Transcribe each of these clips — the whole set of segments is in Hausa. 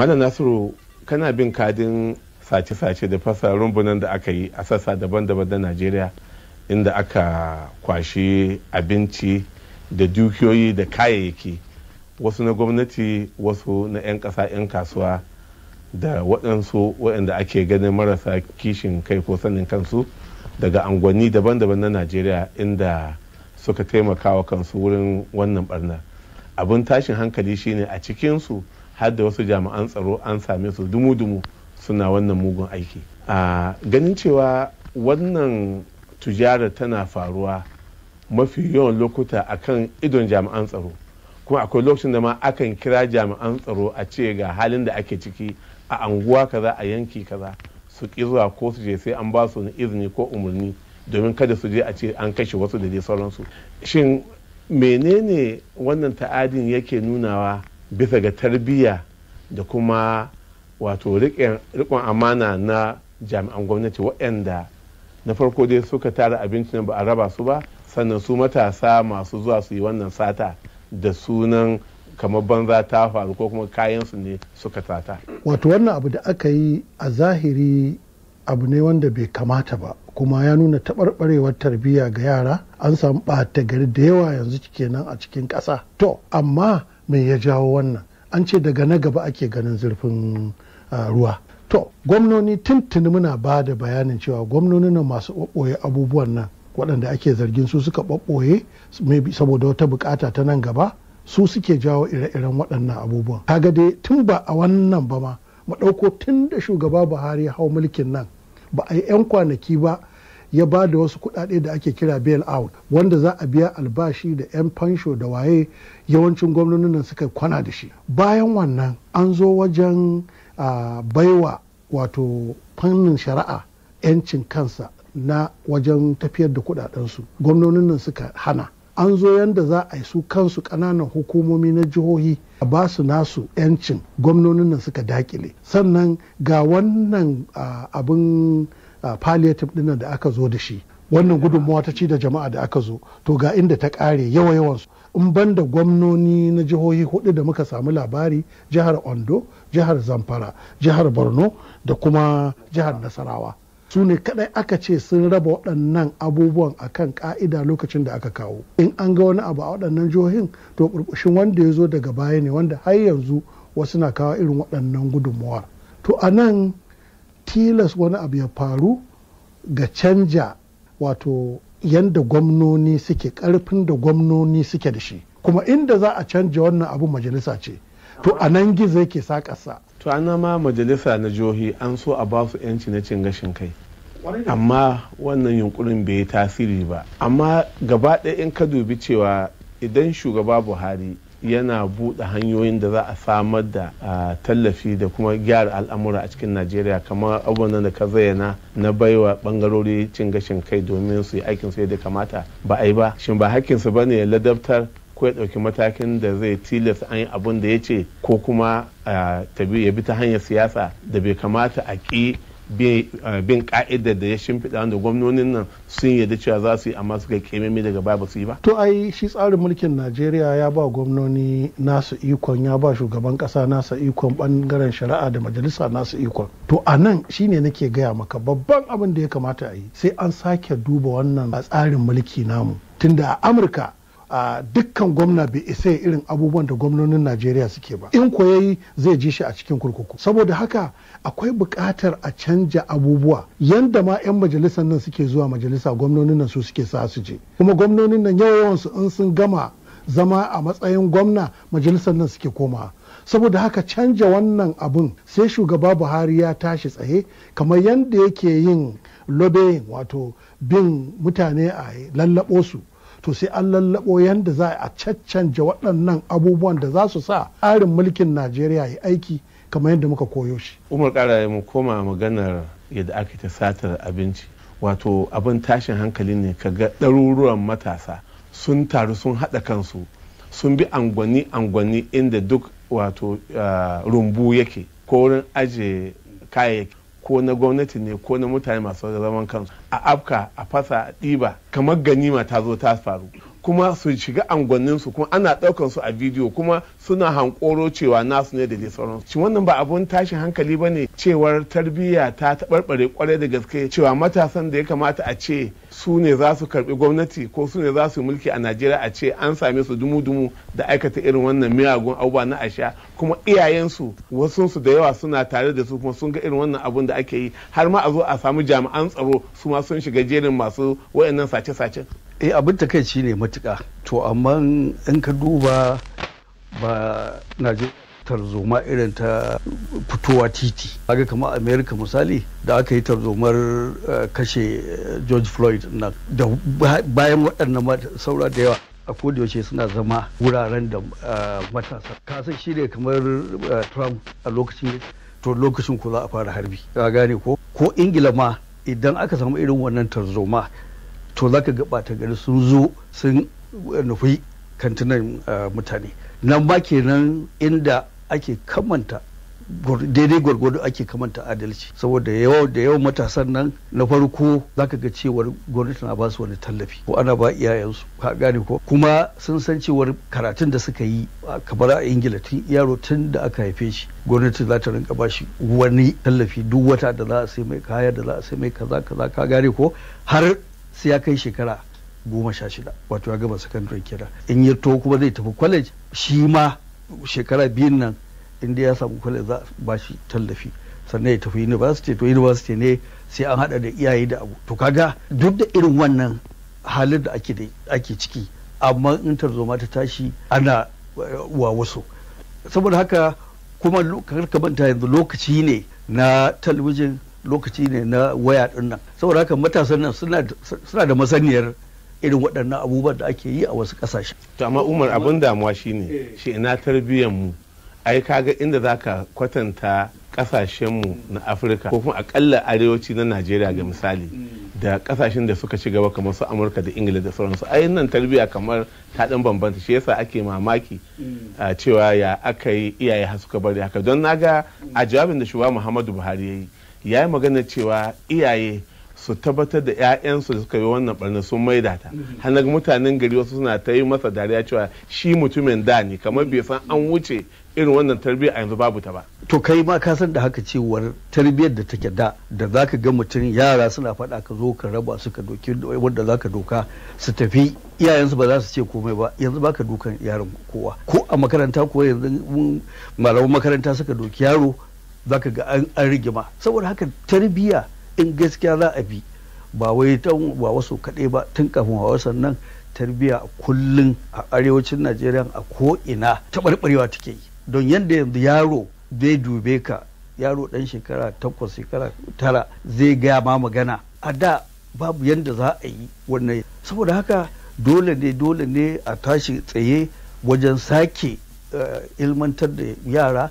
malam nasiru kana bin kadin sace-sace da fasa rumbunan da aka yi a sassa daban-daban na najeriya inda aka kwashe abinci da dukiyoyi da kayayyaki wasu na gwamnati wasu na 'yan kasa 'yan kasuwa da waɗansu waɗanda ake ganin marasa kishin kai ko sanin kansu daga angwanni daban-daban na najeriya inda suka taimaka wa kansu wurin wannan barna abin tashin hankali shine a cikinsu har da wasu jami'an tsaro an same su dumu-dumu suna wannan mugun aiki a ganin cewa wannan tujara tana faruwa mafi yawan lokuta akan idon jami'an tsaro kuma akwai lokacin da ma akan kira jami'an tsaro a ce ga halin da ake ciki a anguwa kaza a yanki kaza su ki zuwa ko su je sai an ba su izini ko umarni domin kada su je a ce an kashe wasu da dai sauransu shin menene wannan ta'adin yake nunawa bisa ga tarbiyya da kuma wato rikon amana na jami'an gwamnati waɗanda na farko dai suka tara abincin ba a raba su ba sannan su matasa masu zuwa su yi wannan sata da sunan kamar banza ta faru ko kuma kayansu ne suka sata. wato wannan abu da aka yi a zahiri abu ne wanda bai kamata ba kuma ya nuna taɓarɓarewar tarbiyya ga yara an samu ɓata gari da yawa yanzu kenan a cikin ƙasa to amma me ya jawo wannan an ce daga na gaba ake ganin zurfin ah, ruwa to gwamnoni tuntuni muna ba da bayanin cewa gwamnoni na masu ɓoɓɓoye abubuwan nan waɗanda ake zargin su suka ɓoɓɓoye saboda wata bukata ta nan gaba su suke jawo ire-iren waɗannan abubuwan kaga dai tun ba a wannan ba ma mu ɗauko tun da shugaba buhari hau mulkin nan ba a yi 'yan kwanaki ba ya ba da wasu kuɗaɗe da ake kira bail out wanda za a biya albashi da 'yan fansho da waye yawancin gwamnonin nan suka kwana da shi bayan wannan an zo wajen baiwa wato fannin shari'a 'yancin kansa na wajen tafiyar da kuɗaɗensu gwamnonin nan suka hana an zo yadda za a yi su kansu ƙananan hukumomi na jihohi a ba su nasu 'yancin gwamnonin nan suka dakile sannan ga wannan abin palliative dinnan da aka zo da shi wannan gudunmawa ta ci da jama'a da aka zo to ga inda ta kare yawa yawan su in ban da gwamnoni na jihohi hudu da muka samu labari jihar ondo jihar zamfara jihar borno da kuma jihar nasarawa su ne kadai aka ce sun raba waɗannan abubuwan a kan ka'ida lokacin da aka kawo in an ga wani abu a waɗannan jihohin to burbushin wanda ya zo daga baya ne wanda har yanzu wasu na kawo irin waɗannan gudunmawar to a nan tilas wani abu ya faru ga canja wato yadda gwamnoni suke karfin da gwamnoni suke da shi kuma inda za a canja wannan abu majalisa ce to a nan gizo yake sakarsa to an ma majalisa na jihohi an so a basu 'yanci na cin gashin kai amma wannan yunkurin bai yi tasiri ba amma gaba ɗaya in ka dubi cewa idan shugaba buhari yana buɗe hanyoyin da za a samar da tallafi da kuma gyara al'amura a cikin najeriya kamar abubuwan da ka zayyana na baiwa bangarori cin gashin kai domin su yi aikin su yadda kamata ba a yi ba shin ba hakkinsu ba ne ladabtar ko ya ɗauki matakin da zai tilasta an yi abun da ya ce ko kuma ya bi ta hanyar siyasa da bai kamata a ƙi Eh, bin ka'idar da ya shimfiɗa wanda gwamnonin nan sun yarda cewa za su yi amma suka kememe daga babu ba su yi ba to ai shi tsarin mulkin najeriya ya ba gwamnoni nasu ikon ya ba shugaban ƙasa nasa ikon bangaren shari'a da majalisa nasu ikon to a nan shine nake gaya maka babban abin da ya kamata a yi sai an sake duba wannan a tsarin mulki namu tunda a amurka a dukkan gwamna bai isa irin abubuwan da gwamnonin najeriya suke ba in ko yayi zai ji shi a cikin kurkuku saboda haka akwai buƙatar a canja abubuwa yanda ma 'yan majalisar nan suke zuwa majalisa gwamnonin nan su suke sa su je kuma gwamnonin nan yawan su in sun gama zama a matsayin gwamna majalisar nan suke komawa saboda haka canja wannan abun sai shugaba buhari ya tashi tsaye kamar yanda yake yin lobe wato bin mutane a lallabo su to sai an lallabo yadda za a caccanja waɗannan abubuwan da za su sa tsarin mulkin najeriya ya aiki kamar yadda muka koyo shi umar kara mu koma maganar yadda ake ta satar abinci wato abin tashin hankali ne ka ga ɗaruruwan matasa sun taru sun haɗa kansu sun bi angwani angwani inda duk wato ah, rumbu yake ko wurin aje kayayyaki ko na gwamnati ne ko na mutane masu zaman kansu a afka a fasa a ɗiba kamar ganima ta zo ta faru kuma su shiga angwanninsu kuma ana daukan su a bidiyo kuma suna hankoro cewa nasu ne da dai sauransu shi wannan ba abun tashin hankali ba ne cewar tarbiyya ta taɓarɓare kwarai da gaske cewa matasan da ya kamata a ce su ne za su karɓi gwamnati ko su ne za su mulki a najeriya a ce an same su dumu-dumu da aikata irin wannan miyagun abubuwa na asha kuma iyayensu wasunsu da yawa suna tare da su kuma sun ga irin wannan abun da ake yi har ma a zo a samu jami'an tsaro su ma sun shiga jerin masu wayannan sace sace eh abin ta kai ne matuka to amma in ka duba ba najeriya tarzoma irin ta fitowa titi kaga kamar america misali da aka yi tarzomar eh, kashe eh, george floyd na. da bayan waɗannan saura da yawa a yaushe suna zama wuraren da eh, matasa kasan shi ne kamar trump a lokacin to lokacin ku za a fara harbi ka gane ko ko ingila ma idan aka samu irin wannan tarzoma to za ka gaba ta gari sun zo sun eh, nufi kantinan eh, mutane nan ma kenan inda ake kamanta daidai gwargwado ake kamanta adalci saboda yawa da yawan matasan nan na farko za ka ga cewar gwamnati na basu wani tallafi ko ana ba iyayensu ka gane ko kuma sun san cewar karatun da suka yi kamar a ingila tun yaro tun da aka haife shi gwamnati za ta rinka bashi wani tallafi duk wata da za a sai mai kaya da za a sai mai kaza kaza ka gane ko har sai ya kai shekara goma sha shida wato ya gaba secondary kenan in ya to kuma zai tafi college shi ma shekara biyun nan inda ya samu college za a ba shi tallafi sannan ya tafi university to university ne sai an hada da iyaye da abu to kaga duk da irin wannan halin da ake ciki amma in tarzoma ta tashi ana eh, wa wasu saboda haka kuma karka manta yanzu lokaci ne na talabijin lokaci ne na waya din nan saboda haka matasan nan suna da masaniyar irin waɗannan abubuwan da ake yi a wasu ƙasashe. to amma umar abin damuwa shi ne shi ina tarbiyyar mu ai kaga inda za ka kwatanta ƙasashen mu na afirka ko kuma akalla arewaci na najeriya ga misali da ƙasashen da suka ci gaba kamar su amurka da ingila da sauransu a nan tarbiyya kamar ta ɗan bambanta shi yasa ake mamaki mm. cewa ya aka yi iyaye suka bari haka don naga a jawabin da shugaba muhammadu buhari ya yi ya yi magana cewa iyaye su tabbatar da 'ya'yansu da suka yi wannan barna sun maida ta mhm. hannun mutanen gari wasu suna ta yi masa dariya cewa shi mutumin da ne kamar bai san an wuce irin wannan tarbiyyar a yanzu babu ta ba to kai ma ka san da haka cewar tarbiyyar da take da da ka ga mutum yara suna faɗa ka zo ka raba su ka doki wanda zaka doka su tafi iyayensu ba za su ce komai ba yanzu baka dukan yaron kowa ko a makaranta ko yanzu malaman makaranta suka doki yaro za ka ga an rigima saboda haka tarbiyya in gaskiya za a bi ba wai ta ba wasu kaɗai ba tun kafin hawa sannan tarbiyya kullun a arewacin najeriya a ko'ina taɓarɓarewa take yi don yadda yanzu yaro zai dube ka yaro ɗan shekara takwas shekara tara zai gaya ma magana a da babu yadda za a yi wannan saboda haka dole ne dole ne a tashi tsaye wajen sake eh, ilmantar da yara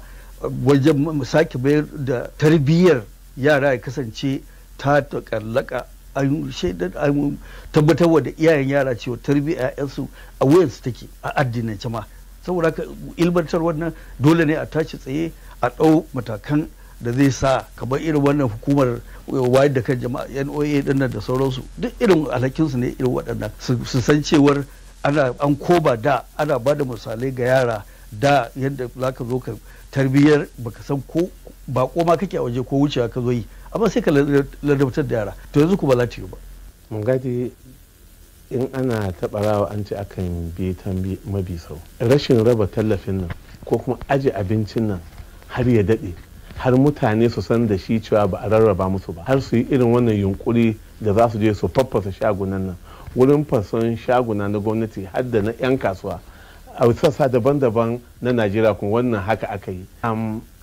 wajen sake bayar da tarbiyyar yara ya kasance ta takallaka an shaidar an tabbatar da iyayen yara cewa tarbiyyar 'ya'yansu a wayansu take a addinin ma saboda haka ilmantar wannan dole ne a tashi tsaye a ɗau matakan da zai sa kamar irin wannan hukumar wayar da kan jama'a noa dinnan da sauransu duk irin alhakinsu ne irin waɗannan su san cewar ana an koba da ana ba da misalai ga yara da yadda za ka zo ka tarbiyyar baka san ko ko ma kake a waje ko wucewa ka zo yi amma sai ka ladabtar da yara to yanzu ku ba za ta yi ba mun gadi in ana taɓarawa an ce akan bi ta mabi sau rashin raba tallafin nan ko kuma aje abincin nan har ya daɗe har mutane su san da shi cewa ba a rarraba musu ba har su yi irin wannan yunkuri da za su je su faffasa shagunan nan wurin fason shaguna na gwamnati har da na 'yan kasuwa a sassa daban-daban na najeriya kuma wannan haka aka yi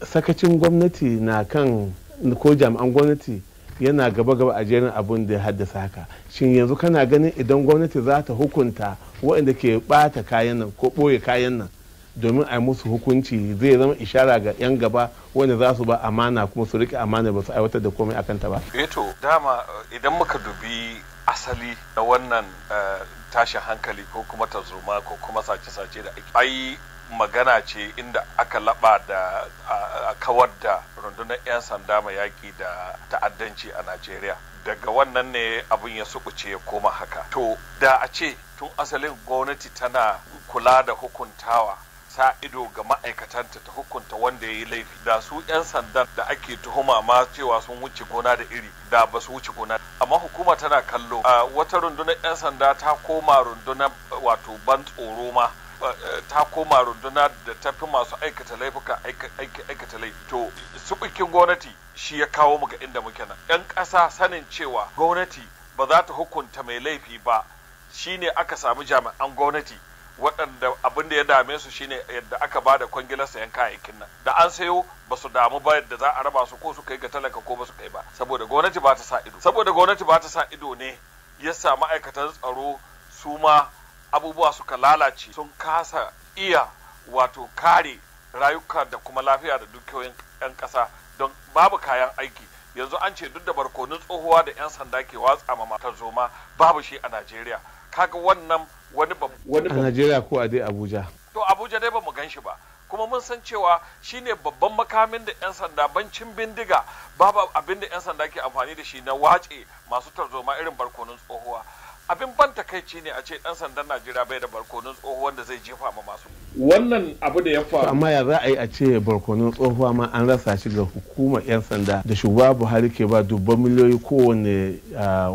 sakacin gwamnati na kan ko jami'an gwamnati yana gaba-gaba a jerin abin da ya haddasa haka shin yanzu kana ganin idan gwamnati za ta hukunta waɗanda ke ɓata kayan nan ko ɓoye kayan nan domin a yi musu hukunci zai zama ishara ga 'yan gaba wanda za su ba amana kuma su riƙe amana ba su aiwatar da komai akan ta ba. Eto eh dama eh, idan muka dubi asali na wannan eh, tashin hankali ko kuma tarzoma ko kuma sace-sace da ake ai magana ce inda aka laba da a kawar da rundunar 'yan sanda mai yaƙi da ta'addanci a najeriya daga wannan ne abin ya sukuce ya koma haka to da a ce tun asalin gwamnati tana kula da hukuntawa sa ido ga ma'aikatanta ta hukunta wanda ya yi laifi da su 'yan sandan da ake tuhuma ma cewa sun wuce gona da iri da ba su wuce gona amma hukuma tana kallo a wata rundunar 'yan sanda ta koma rundunar wato ban tsoro ma ta koma runduna da ta fi masu aikata laifuka aikata laifi to subukin gwamnati shi ya kawo mu ga inda muke nan 'yan kasa sanin cewa gwamnati ba za ta hukunta mai laifi ba shine aka samu jami'an gwamnati waɗanda abin da ya dame su shine yadda aka ba da kwangilar sayan kayayyakin nan da an sayo ba su damu ba yadda za a raba su ko su kai ga talaka ko ba su kai ba saboda gwamnati ba ta sa ido saboda gwamnati ba ta sa ido ne ya sa ma'aikatan tsaro su ma abubuwa suka lalace sun kasa iya wato kare rayuka da kuma lafiya da dukiyoyin 'yan ƙasa don babu kayan aiki yanzu an ce duk da barkonin tsohuwa da 'yan sanda ke watsa ma matar zoma babu shi a najeriya kaga wannan wani a Najeriya ko a dai Abuja to Abuja dai bamu gan shi ba kuma mun san cewa shine babban makamin da 'yan sanda bancin bindiga babu abin da 'yan sanda ke amfani da shi na wace masu tarzoma irin barkonin tsohuwa abin ban takaici ne a ce dan sandan najeriya bai da barkonun tsoho da zai jefa ma masu wannan abu da ya faru amma ya za a yi a ce barkonun tsohuwa ma an rasa shi ga hukumar yan sanda da shugaba buhari ke ba dubban miliyoyi kowane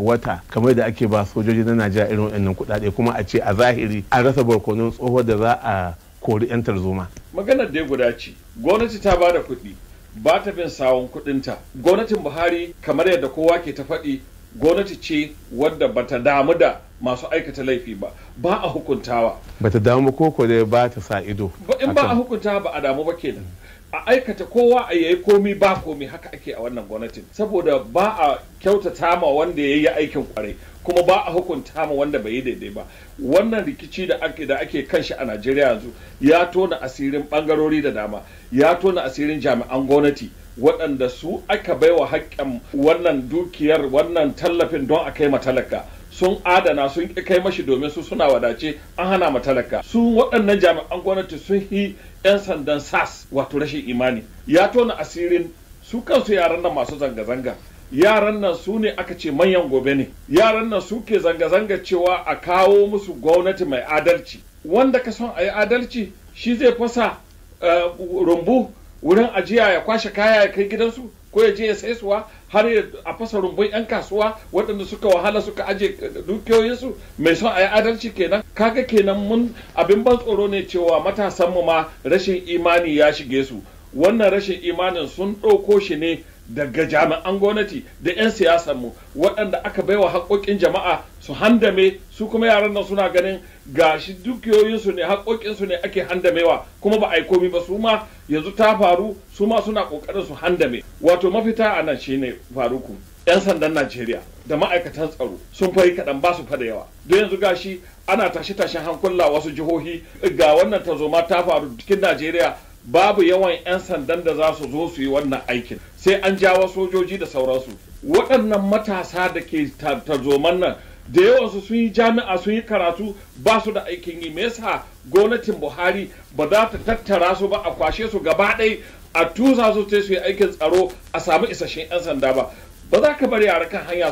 wata kamar da ake ba sojoji na najeriya irin wannan kuɗaɗe kuma a ce a zahiri an rasa barkonun tsoho da za a kori yan tarzoma maganar da guda ce gwamnati ta ba da kuɗi ba ta bin sawon kuɗinta gwamnatin buhari kamar yadda kowa ke ta faɗi gwamnati ce wadda bata damu da masu aikata laifi ba ba a hukuntawa bata damu ko ko dai ba ta sa ido in ba a hukunta ba a damu ba kenan a aikata kowa a yayi komi ba komi haka ake a wannan gwamnatin saboda ba a kyautata ma wanda ya yi aikin kwarai kuma ba a hukunta ma wanda bai yi daidai ba wannan rikici da ake da ake kan shi a Najeriya yanzu ya tona asirin bangarori da dama ya tona asirin jami'an gwamnati waɗanda su aka baiwa haƙƙin wannan dukiyar wannan tallafin don a kai matalaka sun adana sun kai mashi domin su suna wadace an hana matalaka su waɗannan jami'an gwamnati sun yi 'yan sandan sas wato rashin imani ya tona asirin su kansu yaran nan masu zanga-zanga yaran nan su ne aka ce manyan gobe ne yaran nan su ke zanga-zanga cewa a kawo musu gwamnati mai adalci wanda ka son a yi adalci shi zai fasa eh, rumbu wurin ajiya ya kwashe kaya ya kai gidansu ko ya je ya sai suwa har a fasa rumbun 'yan kasuwa waɗanda suka wahala suka aje dukiyoyinsu mai son a yi adalci kenan kaga kenan mun abin ban tsoro ne cewa matasanmu ma rashin imani ya shige su wannan rashin imanin sun ɗauko shi ne daga jami'an gwamnati da 'yan siyasar mu waɗanda aka baiwa haƙoƙin jama'a su handame su kuma yaran nan suna ganin gashi dukiyoyinsu ne haƙoƙinsu ne ake handamewa kuma ba a yi komi ba su ma yanzu ta faru su ma suna ƙoƙarin su handame wato mafita a nan shine faruku 'yan sandan najeriya da ma'aikatan tsaro sun fari kaɗan ba su fada yawa don yanzu gashi ana tashe-tashen hankula wasu jihohi ga wannan tazoma ta faru cikin najeriya babu yawan 'yan sandan da za su zo su yi wannan aikin sai an jawo sojoji da sauransu waɗannan matasa da ke tarzoman nan da yawansu sun yi jami'a sun yi karatu ba su da aikin yi me yasa gwamnatin buhari ba za ta tattara su ba a kwashe su gaba ɗaya a tusa su sai su yi aikin tsaro a samu isasshen 'yan sanda ba ba za ka bari yara kan hanya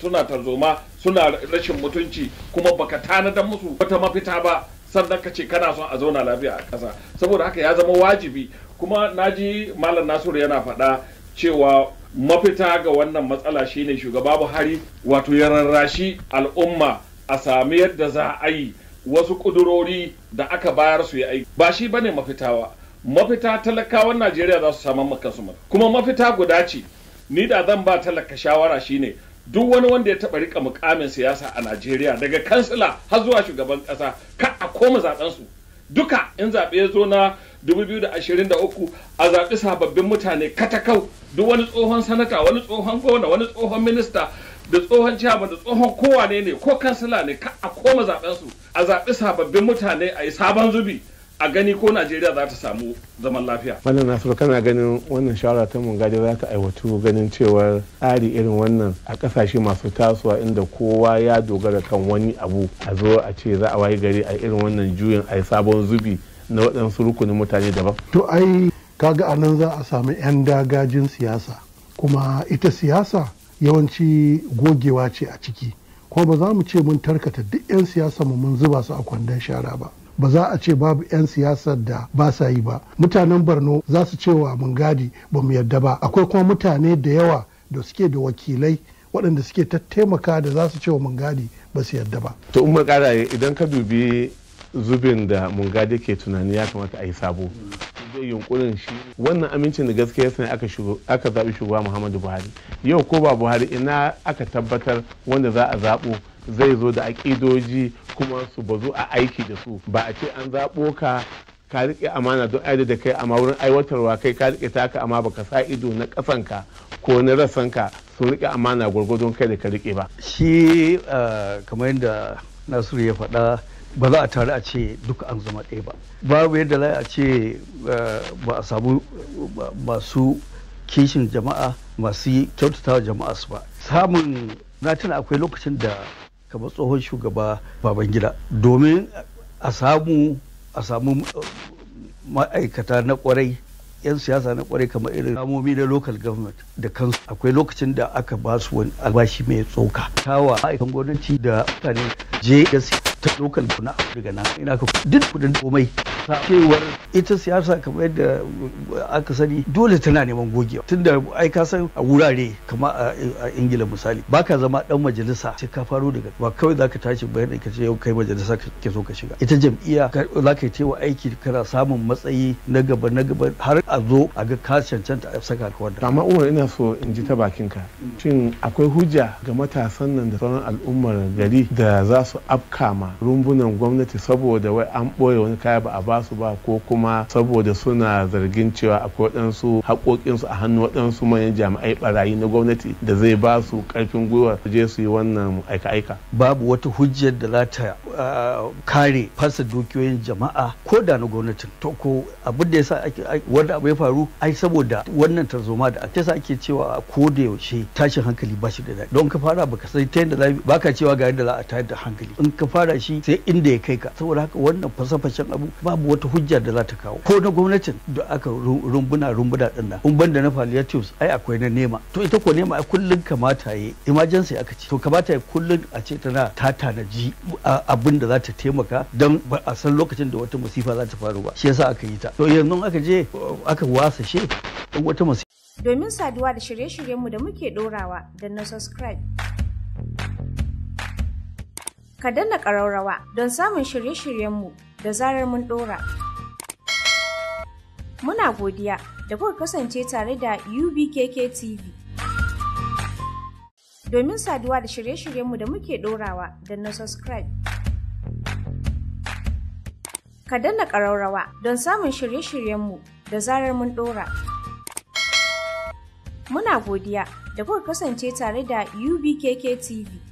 suna tarzoma suna rashin mutunci kuma baka tanadar musu wata mafita ba sannan ka ce kana son a zauna lafiya a ƙasa saboda haka ya zama wajibi kuma na ji malam nasiru yana faɗa cewa mafita ga wannan matsala shine shugaba buhari wato ya rarrashi al'umma a sami yadda za a yi wasu ƙudurori da aka bayar su ya aiki ba shi bane mafitawa mafita talakawan najeriya za su samu makasuma. kuma mafita guda ce ni da zan ba talaka shawara shine duk wani wanda ya taɓa rika mukamin siyasa a najeriya daga kansila har zuwa shugaban ƙasa ka a koma su duka in zaɓe ya zo na 2023 a zabi sababbin mutane katakau duk wani tsohon sanata wani tsohon gona wani tsohon minista da tsohon ciyaman da tsohon kowa ne ko kansila ne ka a koma zaɓensu a zaɓi sababbin mutane a yi sabon zubi a gani ko najeriya za ta samu zaman lafiya na nasiru kana ganin wannan shawara ta mungadi za ta aiwatu ganin cewar tsari irin wannan a kasashe masu tasowa inda kowa ya dogara kan wani abu a zo a ce za a wayi gari a irin wannan juyin a sabon zubi na waɗansu rukunin mutane daban to ai kaga a nan za a samu 'yan dagajin siyasa kuma ita siyasa yawanci gogewa ce a ciki kuma ba za mu ce mun tarkata duk 'yan siyasa mu mun zuba su a kwandon shara ba ba za a ce babu 'yan siyasar da ba sa yi ba mutanen borno za su cewa mun gadi ba mu yarda ba akwai kuma mutane da yawa da suke da wakilai waɗanda suke ta taimaka da za su cewa mun gadi ba su yarda ba to umar kara idan ka dubi zubin da mun gadi ke tunani ya kamata a yi sabo zai yunkurin shi wannan amincin da gaskiya sai aka aka zaɓi shugaba muhammadu buhari yau ko ba buhari ina aka tabbatar wanda za a zaɓo zai zo da aƙidoji kuma su bazu a aiki da su ba a ce an zaɓo ka ka riƙe amana don aida da kai amma wurin aiwatarwa kai ka riƙe taka amma ka sa ido na ƙasanka ko na rasanka sun riƙe amana gwargwadon kai da ka riƙe ba. shi eh, kamar yadda nasiru ya faɗa ba za a tare a ce duka an zama ɗaya ba babu yadda za a ce eh, ba a samu masu kishin jama'a masu kyautata jama'a su ba samun na tuna akwai lokacin da kamar tsohon shugaba babangida domin a samu a samu uh, ma'aikata na kwarai 'yan siyasa na kwarai kamar irin ramomi na local government da kansu akwai lokacin da aka ba su wani albashi mai tsoka tawa ma'aikan gwamnati da mutane je ta local na afirka na ina ka duk kudin komai siyasa cewar ita siyasa kamar yadda aka sani dole tana neman gogewa tunda ai ka san a wurare kama a ingila misali baka zama dan majalisa sai ka faro daga ba kawai zaka tashi bayan ka ce yau kai majalisa ke so ka shiga ita jam'iyya zaka yi cewa aiki kana samun matsayi na gaba na gaba har a zo a ga ka cancanta a saka ka wannan amma umar ina so in ji ta bakin ka shin akwai hujja ga matasan nan da sauran al'ummar gari da za su afkama rumbunan gwamnati saboda wai an ɓoye wani kaya ba a ba su ba ko kuma saboda suna zargin cewa akwai waɗansu haƙoƙinsu a hannu waɗansu manyan jami'ai barayi na gwamnati da zai ba su ƙarfin gwiwa su je su yi wannan aika-aika. Babu wata hujjar da za ta kare fasa dukiyoyin jama'a ko da na gwamnatin. To ko abin da yasa ake wanda abu ya faru ai saboda wannan tarzoma da ake sa ake cewa ko da yaushe tashin hankali ba shi da daɗi. Don ka fara baka sai ta yadda ba baka cewa ga yadda za a tayar da hankali. In ka fara shi sai inda ya kai ka. Saboda haka wannan fasa-fashen abu ba babu wata hujja da za ta kawo ko na gwamnatin da aka rumbuna rumbuna din nan kun banda na palliatives ai akwai na nema to ita ko nema a kullun kamata yi emergency aka ce to kamata yi kullun a ce tana ta tanaji abin da za ta taimaka don ba a san lokacin da wata masifa za ta faru ba shi yasa aka yi ta to yanzu aka je aka wasa wata masifa domin saduwa da shirye-shiryenmu da muke ɗorawa da na subscribe ka danna ƙaraurawa don samun shirye-shiryenmu da zarar mun ɗora. Muna godiya da kuka kasance tare da UBKK TV. Domin saduwa da shirye-shiryenmu da muke ɗorawa da na subscribe. Ka danna ƙaraurawa don samun shirye-shiryenmu da zarar mun ɗora. Muna godiya da kuka kasance tare da UBKK TV.